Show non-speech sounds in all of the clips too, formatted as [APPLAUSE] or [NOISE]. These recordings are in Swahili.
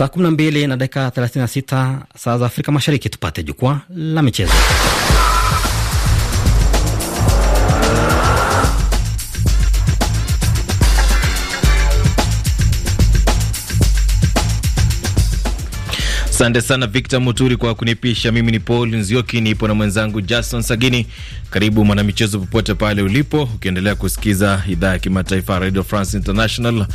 saa 12 na dakika 36 saa za Afrika Mashariki, tupate jukwaa la michezo. Asante sana Victor Muturi kwa kunipisha. Mimi ni Paul Nzioki, nipo na mwenzangu Jason Sagini. Karibu mwanamichezo popote pale ulipo, ukiendelea kusikiza idhaa ya kimataifa Radio France International.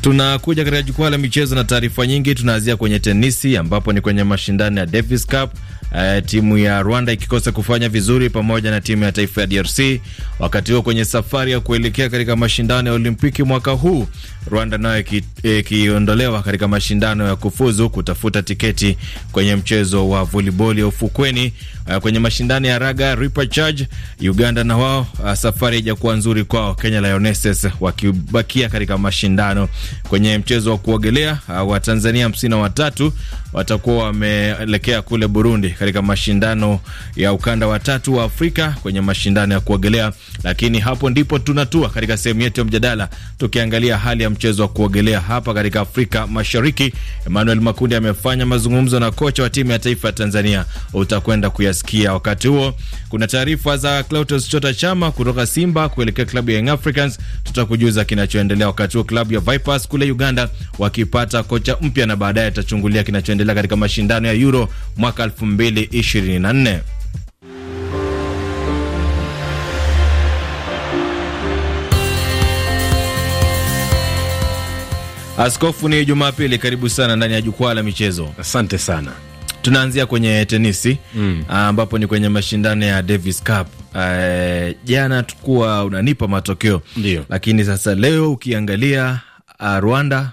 Tunakuja katika jukwaa la michezo na taarifa nyingi. Tunaanzia kwenye tenisi ambapo ni kwenye mashindano ya Davis Cup. Uh, timu ya Rwanda ikikosa kufanya vizuri pamoja na timu ya taifa ya DRC, wakati huo kwenye safari ya kuelekea katika mashindano ya Olimpiki mwaka huu Rwanda nayo eh, ikiondolewa e, katika mashindano ya kufuzu kutafuta tiketi kwenye mchezo wa voliboli ya ufukweni. Uh, Kwenye mashindano ya raga Ripa Charge, Uganda na wao uh, safari haijakuwa nzuri kwao, Kenya Lionesses wakibakia katika mashindano. Kwenye mchezo wa kuogelea wa Tanzania hamsini na watatu watakuwa wameelekea kule Burundi katika mashindano ya ukanda wa tatu wa Afrika kwenye mashindano ya kuogelea. Lakini hapo ndipo tunatua katika sehemu yetu ya mjadala tukiangalia hali ya mchezo wa kuogelea hapa katika Afrika Mashariki. Emmanuel Makundi amefanya mazungumzo na kocha wa timu ya taifa ya Tanzania, utakwenda kuyasikia. Wakati huo kuna taarifa za Clatous Chota Chama kutoka Simba kuelekea klabu ya Young Africans, tutakujuza kinachoendelea. Wakati huo klabu ya Vipers kule Uganda wakipata kocha mpya, na baadaye atachungulia kinachoendelea katika mashindano ya Euro mwaka 2024. Askofu, ni Jumapili, karibu sana ndani ya jukwaa la michezo. Asante sana. Tunaanzia kwenye tenisi mm. Ah, ambapo mm. ni kwenye mashindano ya Davis Cup. Uh, jana tukuwa unanipa matokeo Ndiyo. Lakini sasa leo ukiangalia uh, Rwanda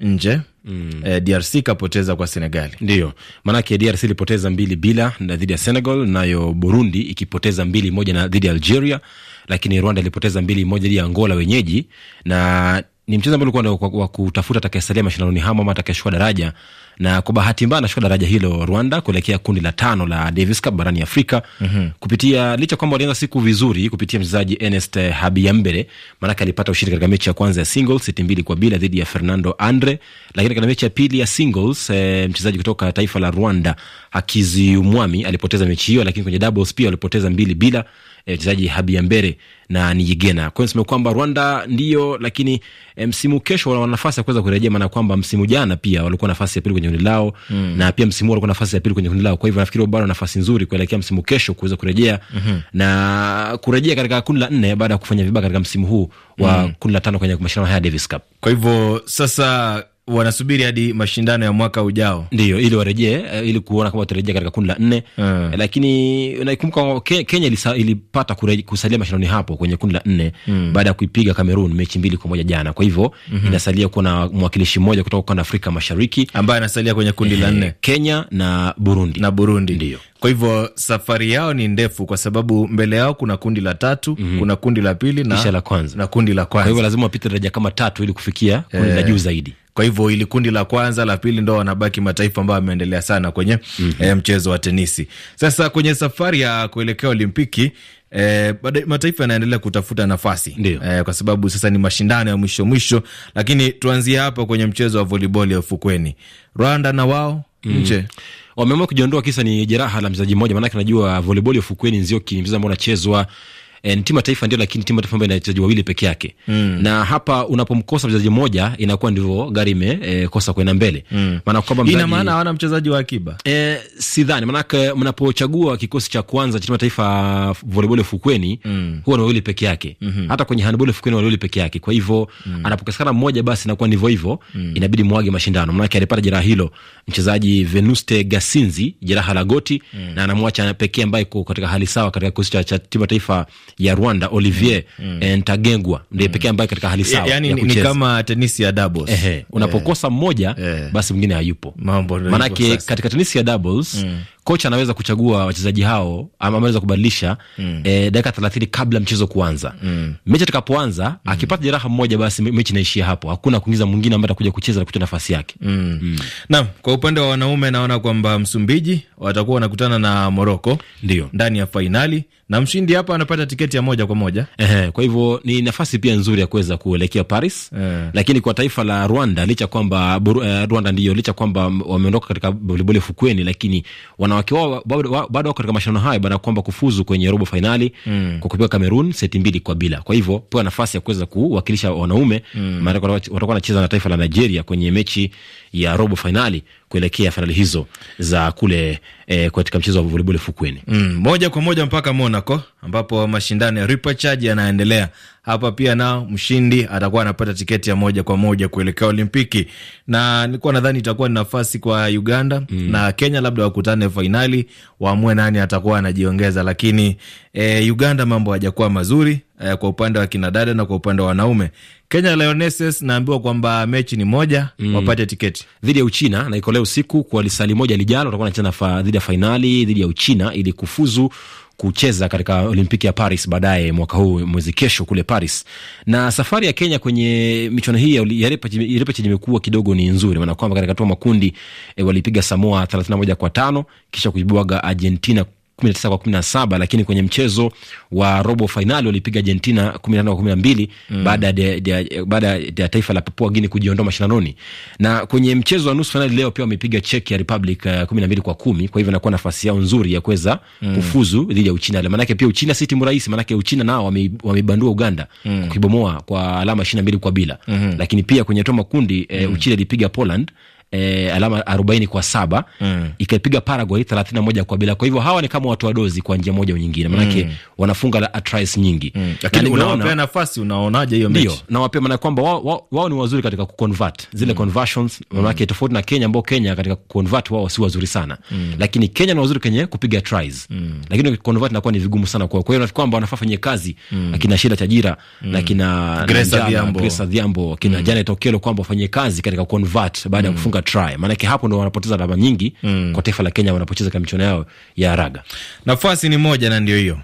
nje mm. E, eh, DRC kapoteza kwa Senegali. Ndio maanake DRC ilipoteza mbili bila na dhidi ya Senegal, nayo Burundi ikipoteza mbili moja na dhidi ya Algeria, lakini Rwanda ilipoteza mbili moja dhidi ya Angola wenyeji, na ni mchezo ambao ulikuwa wa kutafuta atakayesalia mashindanoni hamo ama atakayeshuka daraja, na kwa bahati mbaya anashuka daraja hilo Rwanda kuelekea kundi la tano la Davis Cup barani Afrika mm -hmm. kupitia licha kwamba walianza siku vizuri kupitia mchezaji enest Habiambere, maanake alipata ushindi katika mechi ya kwanza ya singles seti mbili kwa bila dhidi ya Fernando Andre, lakini katika mechi ya pili ya singles e, mchezaji kutoka taifa la Rwanda Hakizi Umwami alipoteza mechi hiyo, lakini kwenye doubles pia walipoteza mbili bila Eh, mchezaji Habia Mbere na Niyigena. Kwa hiyo nisema kwamba Rwanda ndiyo, lakini eh, msimu kesho wana nafasi ya kuweza kurejea, maana kwamba msimu jana pia walikuwa nafasi ya pili kwenye kundi lao mm. na pia msimu walikuwa nafasi ya pili kwenye kundi lao. Kwa hivyo nafikiri bado nafasi nzuri kuelekea msimu kesho kuweza kurejea mm -hmm. na kurejea katika kundi la nne baada ya kufanya vibaya katika msimu huu wa mm. kundi la tano kwenye mashindano haya Davis Cup. Kwa hivyo sasa wanasubiri hadi mashindano ya mwaka ujao ndio ili warejee, eh, ili kuona kama watarejea katika kundi la nne hmm. Lakini naikumbuka Kenya ilisa, ilipata kureje, kusalia mashindano hapo kwenye kundi la nne hmm. baada ya kuipiga Cameroon mechi mbili kwa moja jana. Kwa hivyo -hmm. inasalia kuwa na mwakilishi mmoja kutoka ukanda Afrika Mashariki ambaye anasalia kwenye kundi la eh, nne, Kenya na Burundi na Burundi ndio kwa hivyo safari yao ni ndefu, kwa sababu mbele yao kuna kundi la tatu mm -hmm. kuna kundi la pili na, la kwanza na kundi la kwanza. Kwa hivyo lazima wapite daraja kama tatu ili kufikia kundi la eh. juu zaidi. Kwa hivyo ili kundi la kwanza la pili ndo wanabaki mataifa ambayo yameendelea sana kwenye mm -hmm. e, mchezo wa tenisi. Sasa kwenye safari ya kuelekea Olimpiki E, mataifa yanaendelea kutafuta nafasi e, kwa sababu sasa ni mashindano ya mwisho mwisho, lakini tuanzie hapa kwenye mchezo wa voliboli ya ufukweni. Rwanda na wao mm. nje wameamua kujiondoa, kisa ni jeraha la mchezaji mmoja, maanake najua voliboli ya ufukweni nzio mchezo ambao unachezwa e, timu ya taifa ndio, lakini timu ya taifa ambayo ina wachezaji wawili peke yake mm. na hapa unapomkosa mchezaji mmoja inakuwa ndivyo gari imekosa eh, e, kwenda mbele mm. maana kwamba mchezaji... ina maana hawana mchezaji wa akiba e, sidhani, maanake mnapochagua kikosi cha kwanza cha timu ya taifa volleyball fukweni mm. huwa ni wawili peke yake mm -hmm. hata kwenye handball fukweni wawili peke yake, kwa hivyo mm. anapokosekana mmoja, basi inakuwa ndivyo hivyo mm. inabidi mwage mashindano, maanake alipata jeraha hilo mchezaji Venuste Gasinzi jeraha la goti mm. na anamwacha pekee ambaye katika hali sawa katika kikosi cha timu ya taifa ya Rwanda Olivier mm. mm. Ntagengwa ndiye mm. pekee ambaye katika hali sawa yani ya ni kama tenisi ya doubles. Ehe, unapokosa eh. mmoja eh. basi mwingine hayupo, maanake katika tenisi ya doubles mm kocha anaweza kuchagua wachezaji hao ama anaweza kubadilisha mm. e, dakika thelathini kabla mchezo kuanza mm. mechi atakapoanza mm. akipata jeraha mmoja, basi mechi inaishia hapo, hakuna kuingiza mwingine ambaye atakuja kucheza na kuchukua nafasi yake mm. mm. Naam, kwa upande wa wanaume naona kwamba Msumbiji watakuwa wanakutana na Moroko ndio ndani ya fainali na mshindi hapa anapata tiketi ya moja kwa moja. Ehe, kwa hivyo ni nafasi pia nzuri ya kuweza kuelekea Paris ehe. Lakini kwa taifa la Rwanda licha kwamba eh, Rwanda ndio licha kwamba wameondoka katika voliboli fukweni, lakini wana wakiwa bado wako katika mashindano hayo baada ya kwamba kufuzu kwenye robo fainali mm. kwa kupiga Cameroon seti mbili kwa bila. Kwa hivyo pewa nafasi ya kuweza kuwakilisha wanaume mm. maanake watakuwa wanacheza na taifa la Nigeria kwenye mechi ya robo fainali kuelekea fainali hizo za kule e, katika mchezo wa voleboli fukweni. Mm, moja kwa moja mpaka Monaco ambapo mashindano ya repechage yanaendelea hapa pia, na mshindi atakuwa anapata tiketi ya moja kwa moja kuelekea Olimpiki, na nilikuwa nadhani itakuwa ni nafasi kwa Uganda mm, na Kenya labda wakutane fainali, waamue nani atakuwa anajiongeza, lakini e, Uganda mambo hajakuwa mazuri e, kwa upande wa kinadada na kwa upande wa wanaume Kenya Lionesses naambiwa kwamba mechi ni moja mm. wapate tiketi dhidi ya Uchina na iko leo usiku kwa lisali moja lijalo, watakuwa wanacheza dhidi ya fainali dhidi ya Uchina ili kufuzu kucheza katika Olimpiki ya Paris baadaye mwaka huu mwezi kesho kule Paris. Na safari ya Kenya kwenye michuano hii ya repechage imekuwa kidogo ni nzuri, maana kwamba katika hatua makundi e, walipiga Samoa 31 kwa tano kisha kuibwaga Argentina 19 kwa 17, lakini kwenye mchezo wa robo fainali walipiga Argentina 15 kwa 12 mm. baada ya taifa la Papua Guinea kujiondoa mashindanoni. Na kwenye mchezo wa nusu fainali leo pia wamepiga Czech Republic 12 uh, kwa 10, kwa hivyo inakuwa nafasi yao nzuri ya kuweza mm. kufuzu dhidi ya Uchina. Maana yake pia Uchina si timu rahisi, maana yake Uchina nao Uganda mm. kwa alama 22 kwa bila. Mm -hmm. Lakini pia kwenye eh, mm. Uchina ilipiga Poland e, alama arobaini kwa saba mm. ikapiga Paraguay thelathini na moja kwa bila. Kwa hivyo hawa ni kama watu wadozi kwa njia moja au nyingine, maanake mm. wanafunga la tries nyingi mm. lakini na unawapea nafasi. Unaonaje hiyo mechi? Ndio nawapea, maana kwamba wao wa, wa ni wazuri katika kuconvert zile mm. conversions, maanake mm. tofauti na Kenya ambao Kenya katika kuconvert wao si wazuri sana mm. lakini Kenya ni wazuri kwenye kupiga tries mm. lakini kuconvert inakuwa ni vigumu sana kwao. Kwa hiyo nafikiri kwamba wanafaa fanye kazi mm. akina Shida mm. na kina Grace Adhiambo, mm. Janet Okello kwamba wafanye kazi katika kuconvert baada ya mm. kufunga try, maanake hapo ndo wanapoteza alama nyingi mm. kwa taifa la Kenya wanapocheza katika michuano yao ya raga. Nafasi ni moja na ndio hiyo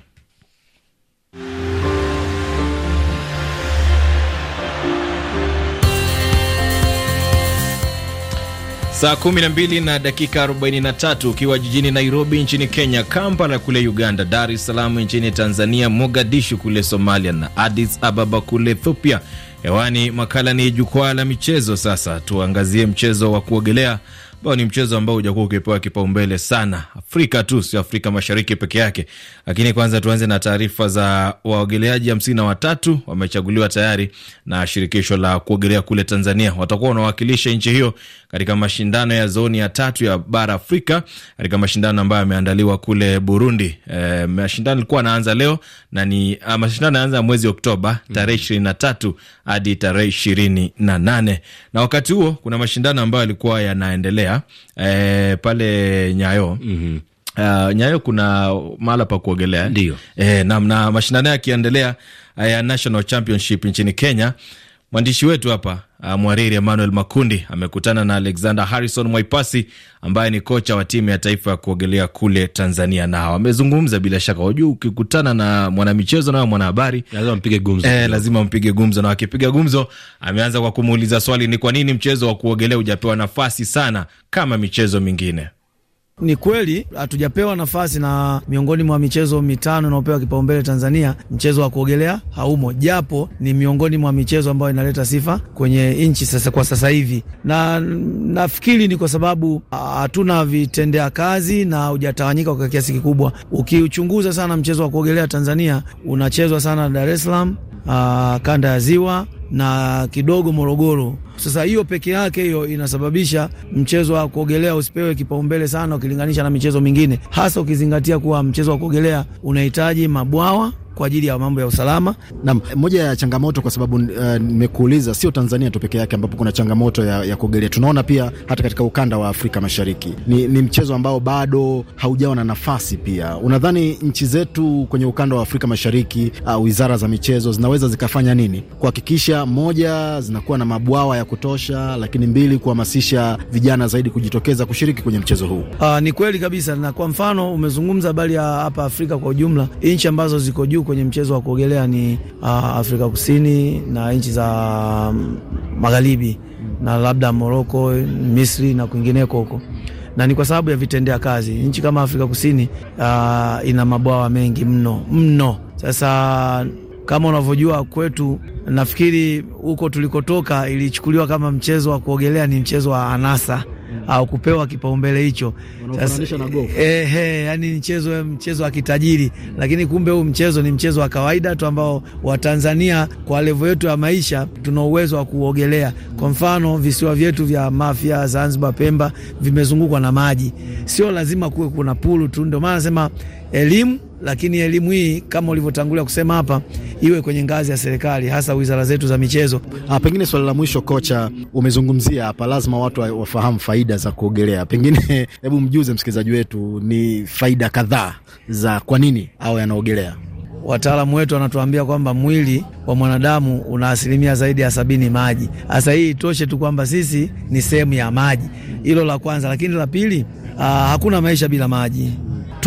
Saa kumi na mbili na dakika 43 ukiwa jijini Nairobi nchini Kenya, Kampala kule Uganda, Dar es Salaam nchini Tanzania, Mogadishu kule Somalia na Addis Ababa kule Ethiopia Hewani makala ni jukwaa la michezo. Sasa tuangazie mchezo wa kuogelea ambao ni mchezo ambao hujakuwa ukipewa kipaumbele sana Afrika tu, sio Afrika Mashariki peke yake. Lakini kwanza tuanze na taarifa za waogeleaji hamsini na watatu wamechaguliwa tayari na shirikisho la kuogelea kule Tanzania. Watakuwa wanawakilisha nchi hiyo katika mashindano ya zoni ya tatu ya bara Afrika, katika mashindano ambayo yameandaliwa kule Burundi. E, mashindano ilikuwa anaanza leo na ni ah, mashindano yanaanza mwezi Oktoba mm-hmm. tarehe ishirini na tatu hadi tarehe ishirini na nane na wakati huo kuna mashindano ambayo yalikuwa yanaendelea Mbeya eh, pale Nyayo mm -hmm. Uh, Nyayo kuna mahala pa kuogelea eh, na, na mashindano yakiendelea eh, ya National Championship nchini Kenya Mwandishi wetu hapa ah, mwariri Emmanuel Makundi amekutana na Alexander Harrison Mwaipasi ambaye ni kocha wa timu ya taifa ya kuogelea kule Tanzania, nao amezungumza. Bila shaka, wajua, ukikutana na mwanamichezo nayo mwanahabari lazima mpige gumzo, eh, lazima mpige gumzo, na wakipiga gumzo, ameanza kwa kumuuliza swali, ni kwa nini mchezo wa kuogelea hujapewa nafasi sana kama michezo mingine? Ni kweli hatujapewa nafasi, na miongoni mwa michezo mitano inayopewa kipaumbele Tanzania, mchezo wa kuogelea haumo, japo ni miongoni mwa michezo ambayo inaleta sifa kwenye nchi sasa kwa sasa hivi, na nafikiri ni kwa sababu ah, hatuna vitendea kazi na hujatawanyika kwa kiasi kikubwa. Ukiuchunguza sana mchezo wa kuogelea Tanzania unachezwa sana Dar es Salaam, ah, kanda ya Ziwa na kidogo Morogoro. Sasa hiyo peke yake hiyo inasababisha mchezo wa kuogelea usipewe kipaumbele sana ukilinganisha na michezo mingine, hasa ukizingatia kuwa mchezo wa kuogelea unahitaji mabwawa kwa ajili ya mambo ya usalama. Naam, moja ya changamoto kwa sababu uh, nimekuuliza, uh, sio Tanzania tu peke yake ambapo kuna changamoto ya, ya kuogelea. Tunaona pia hata katika ukanda wa Afrika Mashariki ni, ni mchezo ambao bado haujawa na nafasi. Pia unadhani nchi zetu kwenye ukanda wa Afrika Mashariki uh, wizara za michezo zinaweza zikafanya nini kuhakikisha moja, zinakuwa na mabwawa ya kutosha, lakini mbili, kuhamasisha vijana zaidi kujitokeza kushiriki kwenye mchezo huu? Uh, ni kweli kabisa, na kwa mfano umezungumza habari ya hapa Afrika kwa ujumla, nchi ambazo ziko juu kwenye mchezo wa kuogelea ni uh, Afrika Kusini na nchi za um, magharibi na labda Moroko, Misri na kwingineko huko, na ni kwa sababu ya vitendea kazi. Nchi kama Afrika Kusini uh, ina mabwawa mengi mno mno. Sasa kama unavyojua kwetu, nafikiri huko tulikotoka ilichukuliwa kama mchezo wa kuogelea ni mchezo wa anasa Mm. au kupewa kipaumbele hicho. Sasa eh, eh, yani mchezo mchezo wa kitajiri, mm. lakini kumbe huu mchezo ni mchezo wa kawaida tu ambao Watanzania kwa levo yetu ya maisha tuna uwezo wa kuogelea. Kwa mfano visiwa vyetu vya Mafia, Zanzibar, Pemba vimezungukwa na maji, sio lazima kuwe kuna pulu tu. Ndio maana nasema elimu lakini elimu hii kama ulivyotangulia kusema hapa, iwe kwenye ngazi ya serikali, hasa wizara zetu za michezo. Ah, pengine swali la mwisho, kocha, umezungumzia hapa, lazima watu wafahamu faida za kuogelea. Pengine [LAUGHS] hebu mjuze msikilizaji wetu ni faida kadhaa za kwa nini awe anaogelea. Wataalamu wetu wanatuambia kwamba mwili wa mwanadamu una asilimia zaidi ya sabini maji. Sasa hii itoshe tu kwamba sisi ni sehemu ya maji, hilo la kwanza. Lakini la pili, aa, ah, hakuna maisha bila maji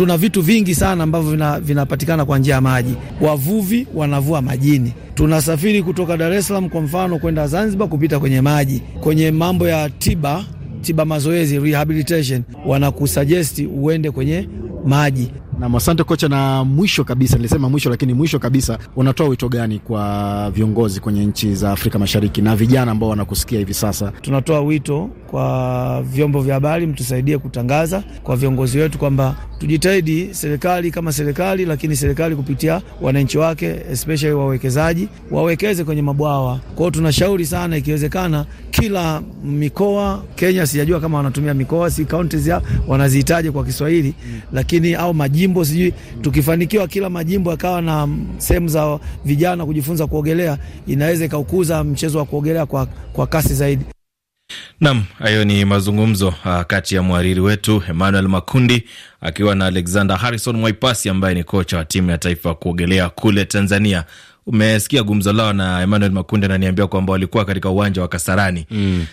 tuna vitu vingi sana ambavyo vina, vinapatikana kwa njia ya maji. Wavuvi wanavua majini, tunasafiri kutoka Dar es Salaam kwa mfano kwenda Zanzibar kupita kwenye maji. Kwenye mambo ya tiba tiba mazoezi rehabilitation, wanakusajesti uende kwenye maji. Na asante kocha, na mwisho kabisa, nilisema mwisho lakini mwisho kabisa, unatoa wito gani kwa viongozi kwenye nchi za Afrika Mashariki na vijana ambao wanakusikia hivi sasa? Tunatoa wito kwa vyombo vya habari, mtusaidie kutangaza kwa viongozi wetu kwamba tujitahidi, serikali kama serikali, lakini serikali kupitia wananchi wake, especially wawekezaji, wawekeze kwenye mabwawa. kwao. tunashauri sana, ikiwezekana, kila mikoa Kenya, sijajua kama wanatumia mikoa, si kaunti wanazihitaji kwa Kiswahili, mm. lakini lakini au majimbo sijui, tukifanikiwa kila majimbo yakawa na sehemu za vijana kujifunza kuogelea, inaweza ikaukuza mchezo wa kuogelea kwa, kwa kasi zaidi. Nam, hayo ni mazungumzo uh, kati ya mhariri wetu Emmanuel Makundi akiwa na Alexander Harrison Mwaipasi ambaye ni kocha wa timu ya taifa ya kuogelea kule Tanzania. Umesikia gumzo lao na Emmanuel Makundi ananiambia kwamba walikuwa katika uwanja wa Kasarani mm.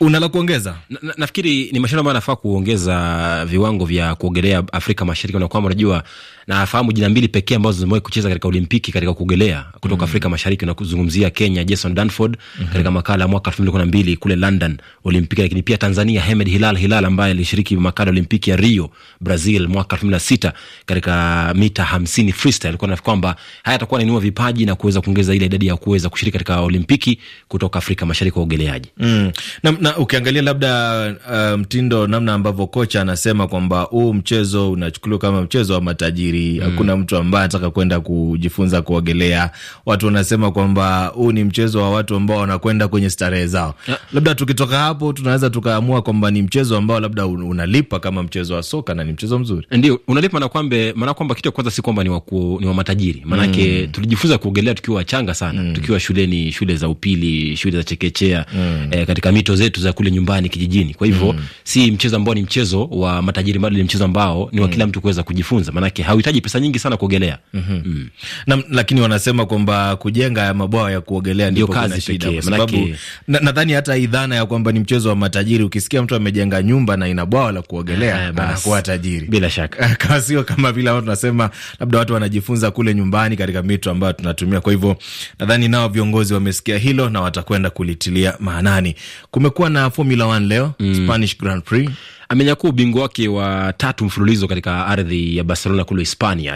Una la kuongeza? Na, nafikiri ni mashindano ambayo anafaa kuongeza viwango vya kuogelea Afrika Mashariki, na kwamba unajua nafahamu jina mbili pekee ambazo zimewahi kucheza katika Olimpiki katika kuogelea kutoka mm. -hmm. Afrika Mashariki, nakuzungumzia Kenya Jason Danford mm -hmm. katika makala ya mwaka elfu mbili kumi na mbili kule London Olimpiki, lakini pia Tanzania Hemed Hilal Hilal ambaye alishiriki makala Olimpiki ya Rio Brazil mwaka elfu mbili na sita katika mita hamsini freestyle, kwa nafikiri kwamba haya atakuwa anainua vipaji na kuweza kuongeza ile idadi ya kuweza kushiriki katika Olimpiki kutoka Afrika Mashariki kwa uogeleaji mm. na, na na ukiangalia labda uh, mtindo, um, namna ambavyo kocha anasema kwamba huu mchezo unachukuliwa kama mchezo wa matajiri, mm. hakuna mm, mtu ambaye anataka kwenda kujifunza kuogelea. Watu wanasema kwamba huu ni mchezo wa watu ambao wanakwenda kwenye starehe zao. Labda tukitoka hapo, tunaweza tukaamua kwamba ni mchezo ambao labda unalipa kama mchezo wa soka, na ni mchezo mzuri, ndio unalipa, na kwamba maana kwamba kitu kwanza si kwamba ni wa ni wa matajiri, maanake mm, tulijifunza kuogelea tukiwa wachanga sana, mm, tukiwa shuleni, shule za upili, shule za chekechea, mm, eh, katika mito zetu zetu za kule nyumbani kijijini. Kwa hivyo mm. si mchezo ambao ni mchezo wa matajiri, bado ni mchezo ambao ni wa mm. kila mtu kuweza kujifunza, maanake hauhitaji pesa nyingi sana kuogelea mm-hmm. mm -hmm. mm. na, lakini wanasema kwamba kujenga mabwawa ya kuogelea ndio kazi pekee, kwa sababu nadhani na hata idhana ya kwamba ni mchezo wa matajiri, ukisikia mtu amejenga nyumba na ina bwawa la kuogelea eh, anakuwa tajiri bila shaka [LAUGHS] kama sio kama vile watu tunasema labda watu wanajifunza kule nyumbani katika mito ambayo tunatumia. Kwa hivyo nadhani nao viongozi wamesikia hilo na watakwenda kulitilia maanani. Kumekuwa na Formula 1 leo mm. Spanish Grand Prix amenyakua ubingwa wake wa tatu mfululizo katika ardhi ya Barcelona kule Hispania.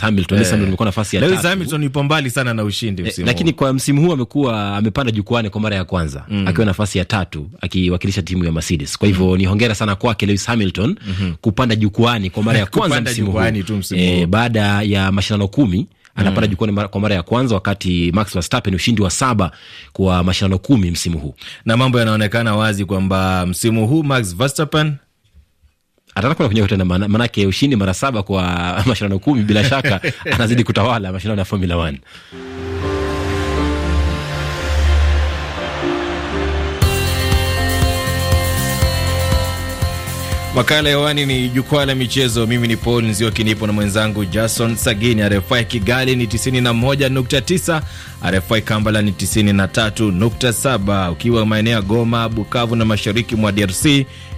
Hamilton. yupo mbali sana na ushindi eh, msimu, lakini kwa msimu huu amekuwa amepanda jukwani kwa mara ya kwanza mm. akiwa nafasi ya tatu akiwakilisha timu ya Mercedes. Kwa hivyo mm. ni hongera sana kwake Lewis Hamilton mm -hmm. kupanda jukwani kwa mara ya [LAUGHS] kwanza msimu huu e, baada ya mashindano kumi anapanda mm. jukwani kwa mara ya kwanza, wakati Max Verstappen ushindi wa saba kwa mashindano kumi msimu huu, na mambo yanaonekana wazi kwamba msimu huu Max Verstappen atatakwenda kunyakua tena, maanake ushindi mara saba kwa [LAUGHS] mashindano kumi, bila shaka [LAUGHS] anazidi kutawala mashindano ya Formula One. Makala ya wani ni jukwaa la michezo. Mimi ni Paul Nzioki, nipo na mwenzangu Jason Sagini. RFI Kigali ni 91.9, RFI kambala ni 93.7, ukiwa maeneo ya Goma, Bukavu na mashariki mwa DRC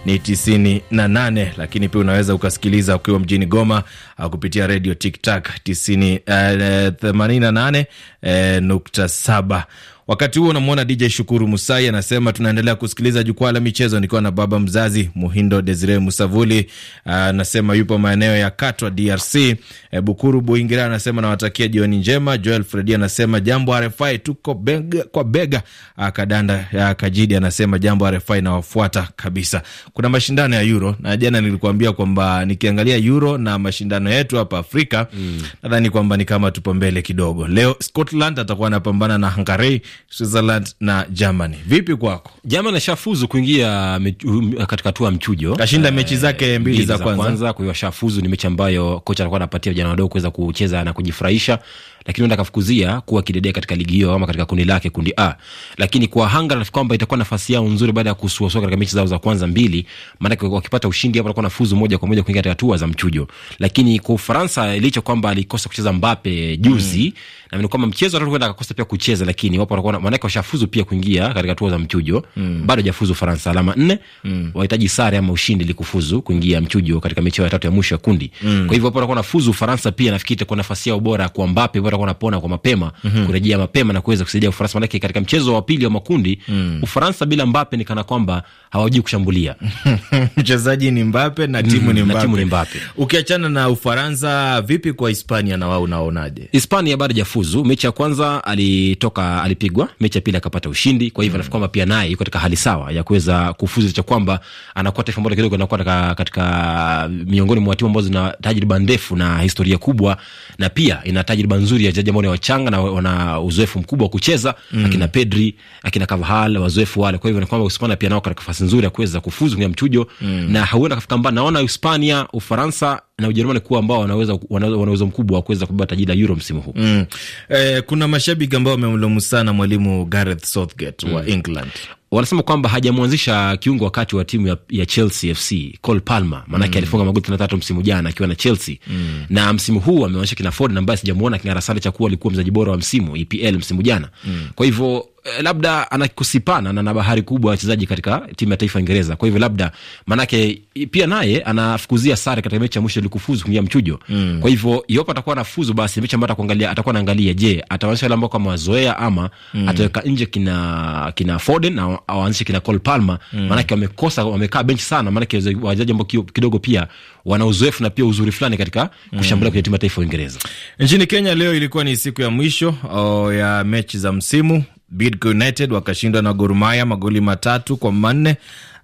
ni 98, lakini pia unaweza ukasikiliza ukiwa mjini Goma uh, kupitia redio Tiktak 88.7. Wakati huo unamwona DJ Shukuru Musai anasema tunaendelea kusikiliza jukwaa la michezo nikiwa na baba mzazi Muhindo Desire Musavuli. Ah, anasema yupo maeneo ya Katwa, DRC. E, eh, Bukuru Buingira anasema nawatakia jioni njema. Joel Fredi anasema jambo RFI, tuko bega kwa bega. Ah, Kadanda ya ah, Kajidi anasema jambo RFI, nawafuata kabisa. Kuna mashindano ya Euro na jana nilikuambia kwamba nikiangalia Euro na mashindano yetu hapa Afrika mm, nadhani kwamba ni kama tupo mbele kidogo. Leo Scotland atakuwa anapambana na Hungary Switzerland na Germany. Vipi kwako? Germany ashafuzu kuingia um, katika hatua ya mchujo, kashinda eh, mechi zake mbili za kwanza, kwa hiyo ashafuzu. Ni mechi ambayo kocha atakuwa anapatia vijana wadogo kuweza kucheza na kujifurahisha lakini huenda akafukuzia kuwa kidedea katika ligi hiyo ama katika kundi lake, kundi A. Lakini kwa Hanga nafikiri kwamba itakuwa nafasi yao nzuri baada ya kusuasua katika mechi zao za kwanza mbili, maanake wakipata ushindi hapo watakuwa nafuzu moja kwa moja kuingia katika hatua za mchujo. Lakini kwa Ufaransa licha kwamba alikosa kucheza Mbappe juzi mm, naamini kwamba mchezo watatu huenda akakosa pia kucheza, lakini wapo watakuwa maanake washafuzu pia kuingia katika hatua za mchujo mm, bado hajafuzu Ufaransa, alama nne mm, wahitaji sare ama ushindi ili kufuzu kuingia mchujo katika mechi ya tatu ya mwisho ya kundi mm. Kwa hivyo wapo watakuwa nafuzu Ufaransa pia nafikiri itakuwa nafasi yao bora kwa Mbappe atakuwa anapona kwa mapema mm -hmm. kurejea mapema na kuweza kusaidia Ufaransa, manake katika mchezo wa pili wa makundi mm -hmm. Ufaransa bila Mbape ni kana kwamba hawajui kushambulia [LAUGHS] mchezaji ni Mbape na timu ni Mbape, mhm, Mbape. Mbape. Ukiachana na Ufaransa, vipi kwa Hispania na wao unaonaje? Hispania bado jafuzu, mechi ya kwanza alitoka alipigwa, mechi ya pili akapata ushindi, kwa hivyo mm -hmm. kwamba pia naye yuko katika hali sawa ya kuweza kufuzu cha kwamba anakuwa taifa moja kidogo anakuwa katika miongoni mwa timu ambazo zina tajriba ndefu na historia kubwa na pia ina tajriba nzuri ya wachezaji ambao ni wachanga na wana uzoefu mkubwa wa kucheza mm. akina Pedri, akina Carvajal, wazoefu wale. Kwa hivyo ni kwamba Uhispania pia nao katika nafasi nzuri ya kuweza kufuzu kwenye mchujo mm. na hauenda kafika mbali. Naona Uhispania, Ufaransa na Ujerumani kuwa ambao wanaweza wana uwezo mkubwa wa kuweza kubeba taji la Euro msimu huu mm. Eh, kuna mashabiki ambao wamemlumu sana mwalimu Gareth Southgate mm. wa England wanasema kwamba hajamwanzisha kiungo wakati wa timu ya, ya Chelsea FC Cole Palmer, maanake mm. alifunga magoli tatu msimu jana akiwa na Chelsea mm. na msimu huu ameonyesha kina Foden ambaye sijamuona kina cha Chakuwa alikuwa mchezaji bora wa msimu EPL msimu jana mm. kwa hivyo Eh, labda anakusipana na na bahari kubwa wachezaji katika timu ya taifa Ingereza. Kwa hivyo labda manake pia naye anafukuzia sare katika mechi ya mwisho ilikufuzu kuingia mchujo. Mm. Kwa hivyo iwapo atakuwa anafuzu basi mechi ambayo atakuangalia atakuwa anaangalia je, atawanisha wale ambao kama wazoea ama mm. ataweka nje kina kina Foden na awaanzishe kina Cole Palmer mm. manake wamekosa wamekaa benchi sana manake wachezaji ambao kidogo pia wana uzoefu na pia uzuri fulani katika mm. kushambulia mm. kwenye timu ya taifa ya Uingereza. Nchini Kenya leo ilikuwa ni siku ya mwisho oh, ya mechi za msimu Bidco United wakashindwa na Gor Mahia magoli matatu kwa manne.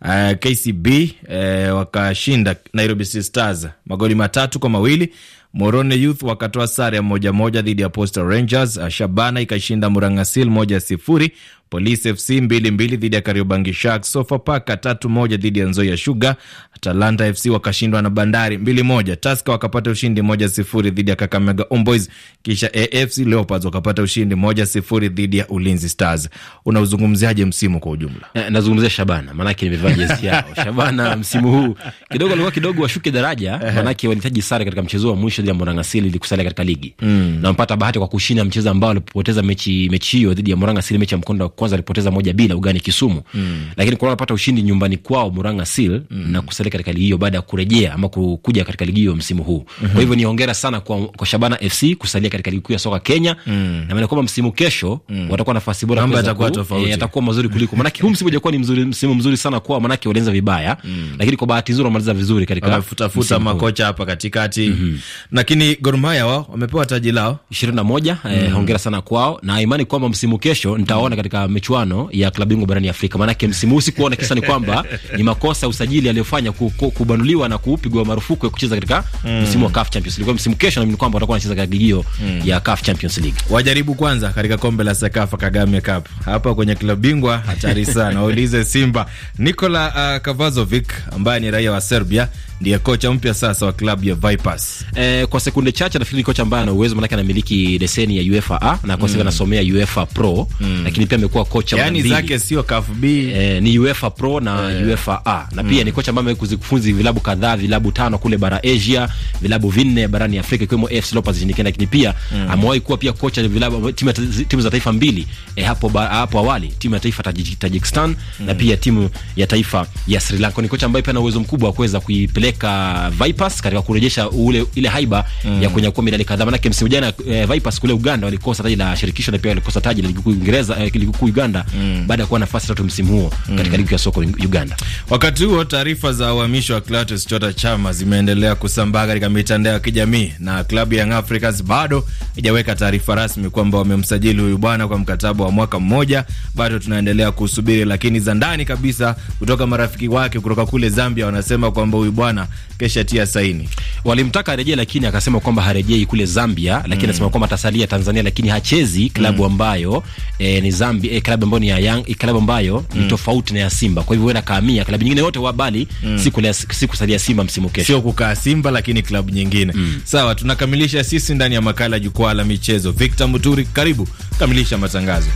Uh, eh, KCB uh, eh, wakashinda Nairobi City Stars magoli matatu kwa mawili. Morone Youth wakatoa sare ya moja moja dhidi ya Postal Rangers. Eh, Shabana ikashinda Murangasil moja sifuri. Polisi FC mbili mbili dhidi ya Kariobangi Sharks, Sofapaka tatu moja dhidi ya Nzoia Sugar, Atalanta FC wakashindwa na Bandari mbili moja, Taska wakapata ushindi moja sifuri dhidi ya Kakamega Omboys, kisha AFC Leopards wakapata ushindi moja sifuri dhidi ya Ulinzi Stars. Unauzungumziaje msimu kwa ujumla? Eh, nazungumzia Shabana maanake nimevaa jezi yao [LAUGHS] Shabana msimu huu kidogo alikuwa kidogo washuke daraja, maanake walihitaji sare katika mchezo wa mwisho dhidi ya Moranga Sili ili kusalia katika ligi mm, na wamepata bahati kwa kushinda mchezo ambao walipoteza mechi mechi hiyo dhidi ya Moranga Sili, mechi ya mkondo wa kwanza alipoteza moja bila ugani Kisumu mm. lakini kuna anapata ushindi nyumbani kwao Muranga Seal mm. na kusalia katika ligi hiyo baada ya kurejea ama kuja katika ligi hiyo msimu huu mm -hmm. kwa mm-hmm. hivyo ni hongera sana kwa, kwa Shabana FC kusalia katika ligi kuu ya soka Kenya mm. na maana kwamba msimu kesho mm. watakuwa na nafasi bora, mambo yatakuwa tofauti, eh, yatakuwa e, mazuri kuliko maana huu msimu ujakuwa ni mzuri, msimu mzuri sana kwao, yake walianza vibaya mm. lakini kwa bahati nzuri wamaliza vizuri katika wamefutafuta makocha hapa katikati mm -hmm. lakini Gor Mahia wao wamepewa taji lao 21 na moja eh, mm. eh, hongera sana kwao na imani kwamba msimu kesho nitaona mm. katika michuano ya klabu bingwa barani Afrika. Maanake msimu huu sikuona, kisa ni kwamba ni makosa ya usajili aliyofanya kubanuliwa na kupigwa marufuku ya kucheza katika mm. msimu wa CAF Champions League. Msimu kesho naamini kwamba watakuwa wanacheza katika ligi hiyo mm. ya CAF Champions League. Wajaribu kwanza katika kombe la Sakafa Kagame Cup hapa kwenye klabu bingwa, hatari [LAUGHS] sana. Waulize Simba. Nikola uh, Kavazovic ambaye ni raia wa Serbia ndiye kocha mpya sasa wa klabu ya Vipers. Eh, kwa sekunde chache nafikiri kocha ambaye ana uwezo, maanake anamiliki leseni ya UEFA A na kwa sasa mm. anasomea UEFA Pro mm. lakini pia amekuwa kocha yani zake sio CAF B eh, ni UEFA Pro na e. UEFA A na pia mm, ni kocha ambaye kuzikufunzi vilabu kadhaa vilabu tano kule bara Asia, vilabu vinne barani Afrika ikiwemo AFC Leopards nchini Kenya, lakini pia mm, amewahi kuwa pia kocha vilabu timu, timu za taifa mbili e, hapo ba, hapo awali timu ya taifa Tajikistan mm, na hmm. pia timu ya taifa ya Sri Lanka. Ni kocha ambaye pia ana uwezo mkubwa wa kuweza kuipeleka Vipers katika kurejesha ule ile haiba mm, ya kunyakua midali kadhaa, maana msimu jana eh, Vipers kule Uganda walikosa taji la shirikisho na pia walikosa taji la ligi kuu Uingereza eh, ligi kuu Uganda mm. baada ya kuwa nafasi tatu msimu huo mm. katika ligi ya soko Uganda. Wakati huo taarifa za uhamisho wa Clatous Chota Chama zimeendelea kusambaa katika mitandao ya kijamii na klabu ya Young Africans bado haijaweka taarifa rasmi kwamba wamemsajili huyu bwana kwa mkataba wa mwaka mmoja. Bado tunaendelea kusubiri, lakini za ndani kabisa kutoka marafiki wake kutoka kule Zambia wanasema kwamba huyu bwana kesha tia saini. Walimtaka arejee, lakini akasema kwamba harejei kule Zambia, lakini mm. anasema mm. kwamba atasalia Tanzania, lakini hachezi klabu mm. ambayo e, ni Zambia e, eh, klabu ambayo ni ya Young, klabu eh, ambayo mm. ni tofauti na ya Simba. Kwa hivyo huenda kahamia klabu nyingine yote wa bali mm. siku ya siku salia Simba msimu kesho. Sio kukaa Simba lakini klabu nyingine. Mm. Sawa, tunakamilisha sisi ndani ya makala jukwaa la michezo. Victor Muturi, karibu kamilisha matangazo.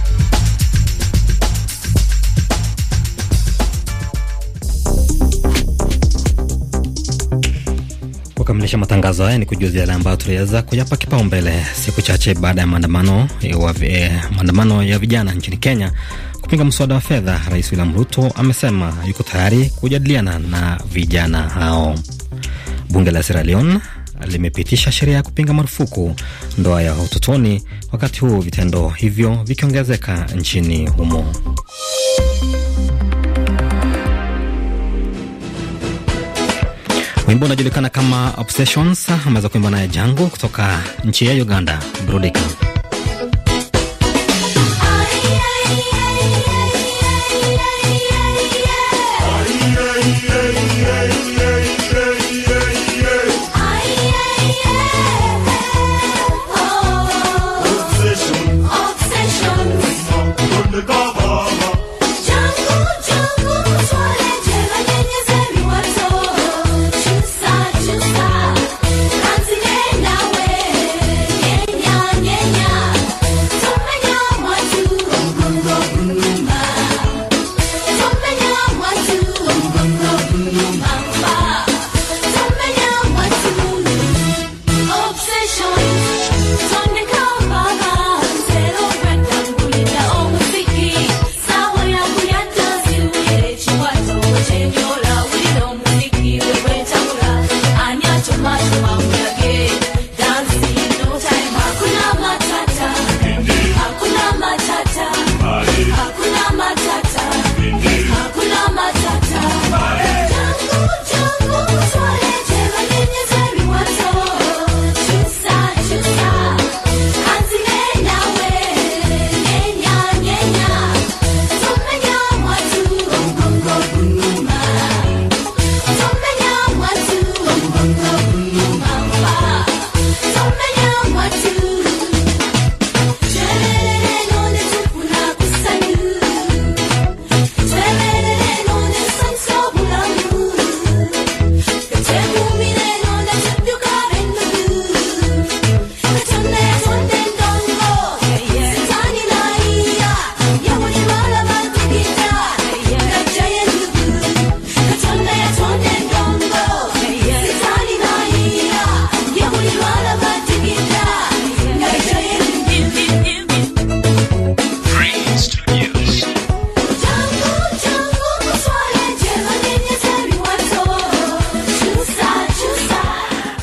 kukamilisha matangazo haya ni kujuzi yale ambayo tuliweza kuyapa kipaumbele siku chache baada ya maandamano eh, maandamano ya vijana nchini Kenya kupinga mswada wa fedha. Rais William Ruto amesema yuko tayari kujadiliana na vijana hao. Bunge la Sierra Leone limepitisha sheria ya kupinga marufuku ndoa ya utotoni, wakati huu vitendo hivyo vikiongezeka nchini humo. Wimbo unajulikana kama Obsessions, ameweza kuimba naye Jango kutoka nchi ya Uganda, burudika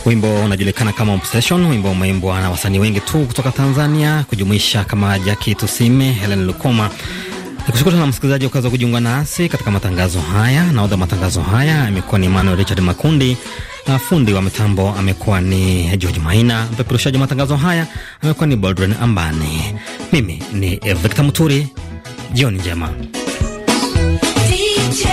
Wimbo unajulikana kama Obsession, wimbo umeimbwa na wasanii wengi tu kutoka Tanzania kujumuisha kama Jackie Tusime, Helen Lukoma. Nikushukuru sana msikilizaji ukaweza kujiunga nasi katika matangazo haya. Naodha matangazo haya amekuwa ni Emmanuel Richard Makundi, na fundi wa mitambo amekuwa ni George Maina, mpeperushaji wa matangazo haya amekuwa ni Boldrin Ambani. Mimi ni Victor Muturi, jioni njema DJ.